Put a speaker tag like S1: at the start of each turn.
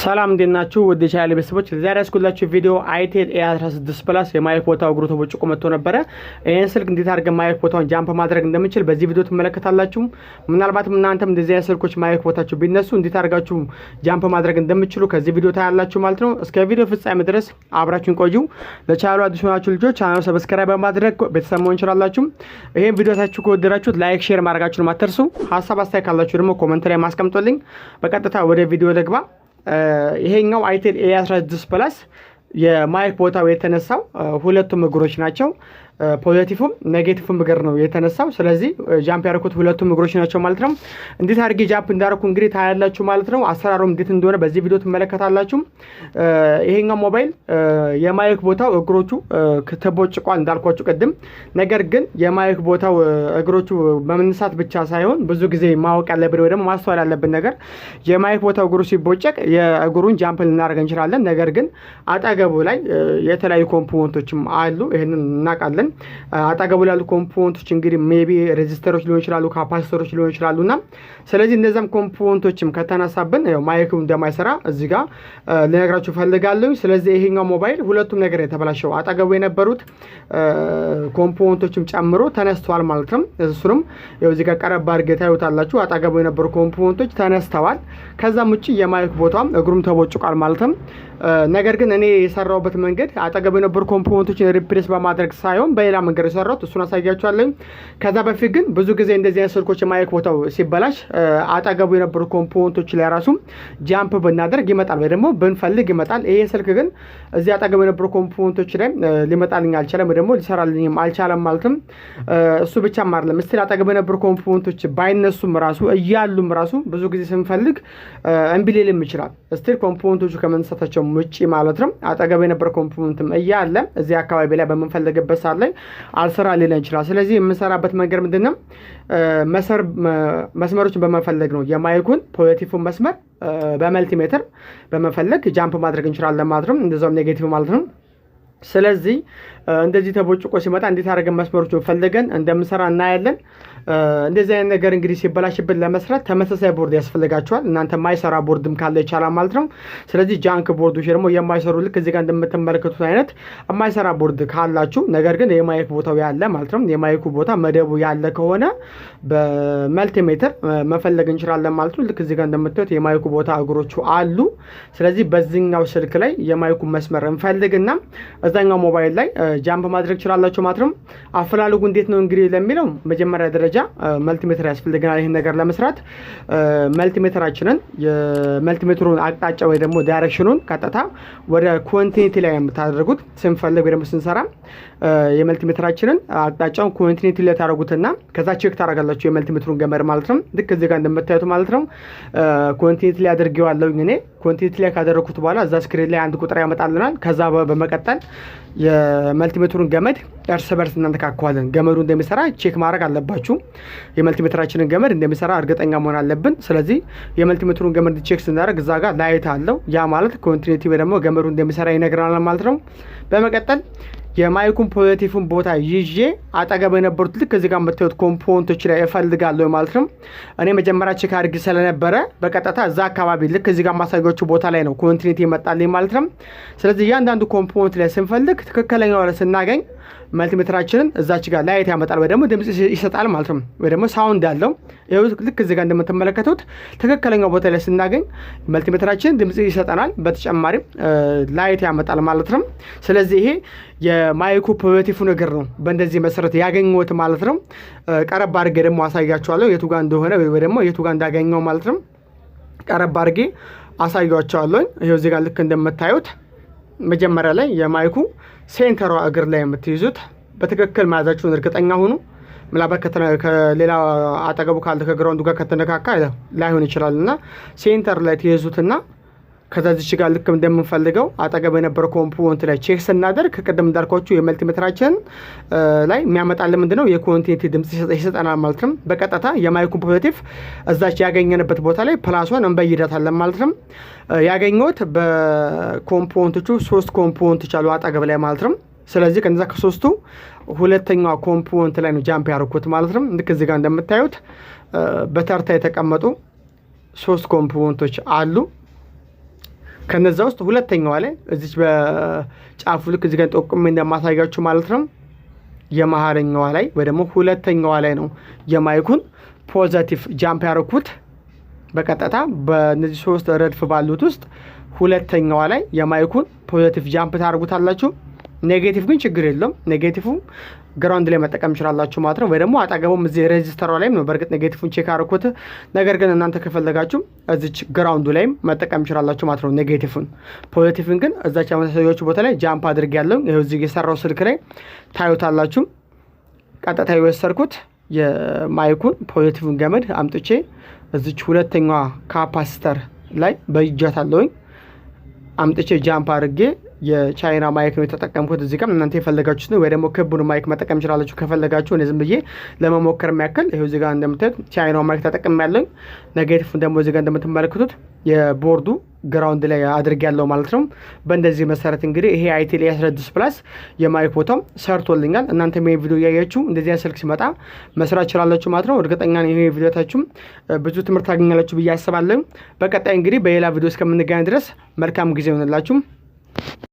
S1: ሰላም እንዴት ናችሁ? ውድ የቻናሌ ቤተሰቦች ዛሬ ያስኩላችሁ ቪዲዮ አይቴል ኤ16 ፕላስ የማይክ ቦታው እግሩ ተቦጭቆ መጥቶ ነበረ። ይህን ስልክ እንዴት አድርገን ማይክ ቦታውን ጃምፕ ማድረግ እንደምንችል በዚህ ቪዲዮ ትመለከታላችሁ። ምናልባትም እናንተም እንደዚህ አይነት ስልኮች ማይክ ቦታችሁ ቢነሱ እንዴት አድርጋችሁ ጃምፕ ማድረግ እንደምችሉ ከዚህ ቪዲዮ ታያላችሁ ማለት ነው። እስከ ቪዲዮ ፍጻሜ ድረስ አብራችሁን ቆዩ። ለቻናሉ አዲስ ሆናችሁ ልጆች ቻናሉ ሰብስክራይብ በማድረግ ቤተሰብ መሆን እንችላላችሁ። ይህን ቪዲዮ ታችሁ ከወደዳችሁት ላይክ፣ ሼር ማድረጋችሁን አትርሱ። ሀሳብ አስተያየት ካላችሁ ደግሞ ኮመንት ላይ ማስቀምጦልኝ። በቀጥታ ወደ ቪዲዮ ልግባ። ይሄኛው አይቴል ኤ16 ፕላስ የማይክ ቦታው የተነሳው ሁለቱም እግሮች ናቸው። ፖዘቲቭም ኔጌቲቭም እግር ነው የተነሳው። ስለዚህ ጃምፕ ያደረኩት ሁለቱም እግሮች ናቸው ማለት ነው። እንዴት አድርጌ ጃምፕ እንዳደረኩ እንግዲህ ታያላችሁ ማለት ነው። አሰራሩ እንዴት እንደሆነ በዚህ ቪዲዮ ትመለከታላችሁ። ይሄኛው ሞባይል የማይክ ቦታው እግሮቹ ተቦጭቋል እንዳልኳችሁ ቅድም። ነገር ግን የማይክ ቦታው እግሮቹ በመነሳት ብቻ ሳይሆን ብዙ ጊዜ ማወቅ ያለብን ወይ ደግሞ ማስተዋል ያለብን ነገር የማይክ ቦታው እግሩ ሲቦጨቅ የእግሩን ጃምፕ ልናደርግ እንችላለን። ነገር ግን አጠገቡ ላይ የተለያዩ ኮምፖነንቶችም አሉ። ይህንን እናውቃለን። አጠገቡ ላሉ ኮምፖነንቶች እንግዲህ ሜቢ ሬዚስተሮች ሊሆን ይችላሉ፣ ካፓሲተሮች ሊሆን ይችላሉ እና ስለዚህ እነዚም ኮምፖነንቶችም ከተነሳብን ማይክ እንደማይሰራ እዚህ ጋር ልነግራችሁ ፈልጋለሁ። ስለዚህ ይሄኛው ሞባይል ሁለቱም ነገር የተበላሸው አጠገቡ የነበሩት ኮምፖነንቶችም ጨምሮ ተነስተዋል ማለት ነው። እሱንም እዚ ጋር ቀረብ አድርጌ ታዩታላችሁ። አጠገቡ የነበሩ ኮምፖነንቶች ተነስተዋል። ከዛም ውጭ የማይክ ቦታም እግሩም ተቦጭቋል ማለት ነው። ነገር ግን እኔ የሰራውበት መንገድ አጠገቡ የነበሩ ኮምፖነንቶችን ሪፕሬስ በማድረግ ሳይሆን በሌላ መንገድ የሰራሁት እሱን አሳያችኋለኝ። ከዛ በፊት ግን ብዙ ጊዜ እንደዚህ አይነት ስልኮች የማይክ ቦታው ሲበላሽ አጠገቡ የነበሩ ኮምፖነንቶች ላይ ራሱ ጃምፕ ብናደርግ ይመጣል፣ ወይ ደግሞ ብንፈልግ ይመጣል። ይሄ ስልክ ግን እዚህ አጠገቡ የነበሩ ኮምፖነንቶች ላይ ሊመጣልኝ አልቻለም፣ ወይ ደግሞ ሊሰራልኝም አልቻለም ማለትም እሱ ብቻም አይደለም ስቲል አጠገቡ የነበሩ ኮምፖነንቶች ባይነሱም ራሱ እያሉም ራሱ ብዙ ጊዜ ስንፈልግ እምቢ ሊልም ይችላል። ስቲል ኮምፖነንቶቹ ከመነሳታቸው ውጭ ማለት ነው አጠገቡ የነበረ ኮምፖነንትም እያለ እዚህ አካባቢ ላይ በምንፈልግበት ሳለ ይችላል፣ አልሰራ ሊለን ይችላል። ስለዚህ የምንሰራበት መንገድ ምንድነው መስመሮችን በመፈለግ ነው። የማይኩን ፖዘቲቭን መስመር በመልቲሜትር በመፈለግ ጃምፕ ማድረግ እንችላለን ማለት ነው። እንደዛም ኔጌቲቭ ማለት ነው። ስለዚህ እንደዚህ ተቦጭቆ ሲመጣ እንዴት አደረገን መስመሮቹን ፈልገን እንደምንሰራ እናያለን። እንደዚህ አይነት ነገር እንግዲህ ሲበላሽብን ለመስራት ተመሳሳይ ቦርድ ያስፈልጋቸዋል። እናንተ ማይሰራ ቦርድም ካለ ይቻላል ማለት ነው። ስለዚህ ጃንክ ቦርዶች ደግሞ የማይሰሩ ልክ እዚህ ጋር እንደምትመለከቱት አይነት የማይሰራ ቦርድ ካላችሁ፣ ነገር ግን የማይክ ቦታው ያለ ማለት ነው የማይኩ ቦታ መደቡ ያለ ከሆነ በመልቲሜትር መፈለግ እንችላለን ማለት ነው። ልክ እዚህ ጋር እንደምታዩት የማይኩ ቦታ እግሮቹ አሉ። ስለዚህ በዚህኛው ስልክ ላይ የማይኩ መስመር እንፈልግና እዛኛው ሞባይል ላይ ጃምፕ ማድረግ ችላላችሁ ማለት ነው። አፈላልጉ እንዴት ነው እንግዲህ ለሚለው መጀመሪያ ደረጃ መልቲሜትር ያስፈልገናል። ይህን ነገር ለመስራት መልቲሜትራችንን የመልቲሜትሩን አቅጣጫ ወይ ደግሞ ዳይሬክሽኑን ቀጥታ ወደ ኮንቲኒቲ ላይ የምታደርጉት ስንፈልግ ወይ ደግሞ ስንሰራ የመልቲሜትራችንን አቅጣጫውን ኮንቲኒቲ ላይ ታደረጉትና ከዛ ቼክ ታደረጋላችሁ የመልቲሜትሩን ገመድ ማለት ነው። ልክ እዚህ ጋር እንደምታዩት ማለት ነው ኮንቲኒቲ ላይ አድርጌዋለሁ እኔ ኮንቲኒቲ ላይ ካደረግኩት በኋላ እዛ ስክሪን ላይ አንድ ቁጥር ያመጣልናል። ከዛ በመቀጠል የመልቲሜትሩን ገመድ እርስ በርስ እናንተካከዋለን። ገመዱ እንደሚሰራ ቼክ ማድረግ አለባችሁ። የመልቲሜትራችንን ገመድ እንደሚሰራ እርግጠኛ መሆን አለብን። ስለዚህ የመልቲሜትሩን ገመድ ቼክ ስናደርግ እዛ ጋር ላይት አለው። ያ ማለት ኮንቲኒቲ ደግሞ ገመዱ እንደሚሰራ ይነግረናል ማለት ነው። በመቀጠል የማይኩም ፖዘቲቭን ቦታ ይዤ አጠገብ የነበሩት ልክ እዚህ ጋር የምታዩት ኮምፖንቶች ላይ እፈልጋለሁ ማለት ነው። እኔ መጀመሪያ ቼክ አድርግ ስለነበረ በቀጥታ እዛ አካባቢ ልክ እዚህ ጋር ማሳያዎቹ ቦታ ላይ ነው ኮንቲኒቲ ይመጣልኝ ማለት ነው። ስለዚህ እያንዳንዱ ኮምፖንት ላይ ስንፈልግ ትክክለኛው ስናገኝ መልቲሜትራችንን እዛች ጋር ላይት ያመጣል ወይ ደግሞ ድምፅ ይሰጣል ማለት ነው። ወይ ደግሞ ሳውንድ ያለው ይኸው ልክ እዚህ ጋር እንደምትመለከቱት ትክክለኛው ቦታ ላይ ስናገኝ መልቲሜትራችን ድምፅ ይሰጠናል። በተጨማሪም ላይት ያመጣል ማለት ነው። ስለዚህ ይሄ የማይኩ ፖዘቲቭ ነገር ነው። በእንደዚህ መሰረት ያገኘሁት ማለት ነው። ቀረብ አድርጌ ደግሞ አሳያቸዋለሁ የቱ ጋር እንደሆነ ወይ ደግሞ የቱ ጋር እንዳገኘው ማለት ነው። ቀረብ አድርጌ አሳያቸዋለሁ። ይኸው እዚህ ጋር ልክ እንደምታዩት መጀመሪያ ላይ የማይኩ ሴንተሯ እግር ላይ የምትይዙት በትክክል መያዛችሁን እርግጠኛ ሁኑ። ምናልባት ከሌላ አጠገቡ ካልተከግራውንዱ ጋር ከተነካካ ላይሆን ይችላል እና ሴንተር ላይ ትይዙትና ከዛ ዚች ጋር ልክ እንደምንፈልገው አጠገብ የነበረው ኮምፖነንት ላይ ቼክ ስናደርግ ቅድም እንዳልኳችሁ የመልቲሜትራችን ላይ የሚያመጣልን ምንድነው የኮንቲኒቲ ድምጽ ይሰጠናል ማለት ነው። በቀጥታ የማይኩን ፖዘቲቭ እዛች ያገኘንበት ቦታ ላይ ፕላሶን እንበይዳታለን ማለት ነው። ያገኘሁት በኮምፖነንቶቹ ሶስት ኮምፖነንቶች ቻሉ አጠገብ ላይ ማለት ነው። ስለዚህ ከነዛ ከሶስቱ ሁለተኛዋ ኮምፖነንት ላይ ነው ጃምፕ ያደርኩት ማለት ነው። ልክ እዚህ ጋር እንደምታዩት በተርታ የተቀመጡ ሶስት ኮምፖነንቶች አሉ። ከነዛ ውስጥ ሁለተኛዋ ላይ እዚች በጫፉ ልክ እዚህ ጋር ጠቁሜ እንደማሳያችሁ ማለት ነው የመሀለኛዋ ላይ ወይ ደግሞ ሁለተኛዋ ላይ ነው የማይኩን ፖዘቲቭ ጃምፕ ያደረኩት በቀጥታ በእነዚህ ሶስት ረድፍ ባሉት ውስጥ ሁለተኛዋ ላይ የማይኩን ፖዘቲቭ ጃምፕ ታደርጉታላችሁ። ኔጌቲቭ ግን ችግር የለውም። ኔጌቲቭ ግራውንድ ላይ መጠቀም ይችላላችሁ ማለት ነው። ወይ ደግሞ አጠገቡም እዚህ ሬጅስተሯ ላይም ነው በእርግጥ ኔጌቲቭን ቼክ አርኩት። ነገር ግን እናንተ ከፈለጋችሁ እዚች ግራውንዱ ላይም መጠቀም ይችላላችሁ ማለት ነው ኔጌቲቭን። ፖዚቲቭን ግን እዛች መሳሳያዎቹ ቦታ ላይ ጃምፕ አድርግ ያለው ይኸው እዚህ የሰራው ስልክ ላይ ታዩታላችሁ። ቀጥታ የወሰርኩት የማይኩን ፖዚቲቭን ገመድ አምጥቼ እዚች ሁለተኛዋ ካፓስተር ላይ በእጃት አለውኝ አምጥቼ ጃምፕ አድርጌ የቻይና ማይክ ነው የተጠቀምኩት። እዚህ ጋር እናንተ የፈለጋችሁት ወይ ደግሞ ክቡን ማይክ መጠቀም ይችላላችሁ ከፈለጋችሁ። እኔ ዝም ብዬ ለመሞከር የሚያክል ይኸው እዚህ ጋር እንደምታዩት ቻይና ማይክ ተጠቅም ያለኝ። ኔጌቲቭ ደግሞ እዚህ ጋር እንደምትመለከቱት የቦርዱ ግራውንድ ላይ አድርግ ያለው ማለት ነው። በእንደዚህ መሰረት እንግዲህ ይሄ አይቴል ያስረድስ ፕላስ የማይክ ቦታው ሰርቶልኛል። እናንተ ይሄ ቪዲዮ እያያችሁ እንደዚህ ስልክ ሲመጣ መስራት ይችላላችሁ ማለት ነው። እርግጠኛ ይሄ ቪዲዮታችሁም ብዙ ትምህርት ታገኛላችሁ ብዬ አስባለሁ። በቀጣይ እንግዲህ በሌላ ቪዲዮ እስከምንገናኝ ድረስ መልካም ጊዜ ይሆንላችሁ።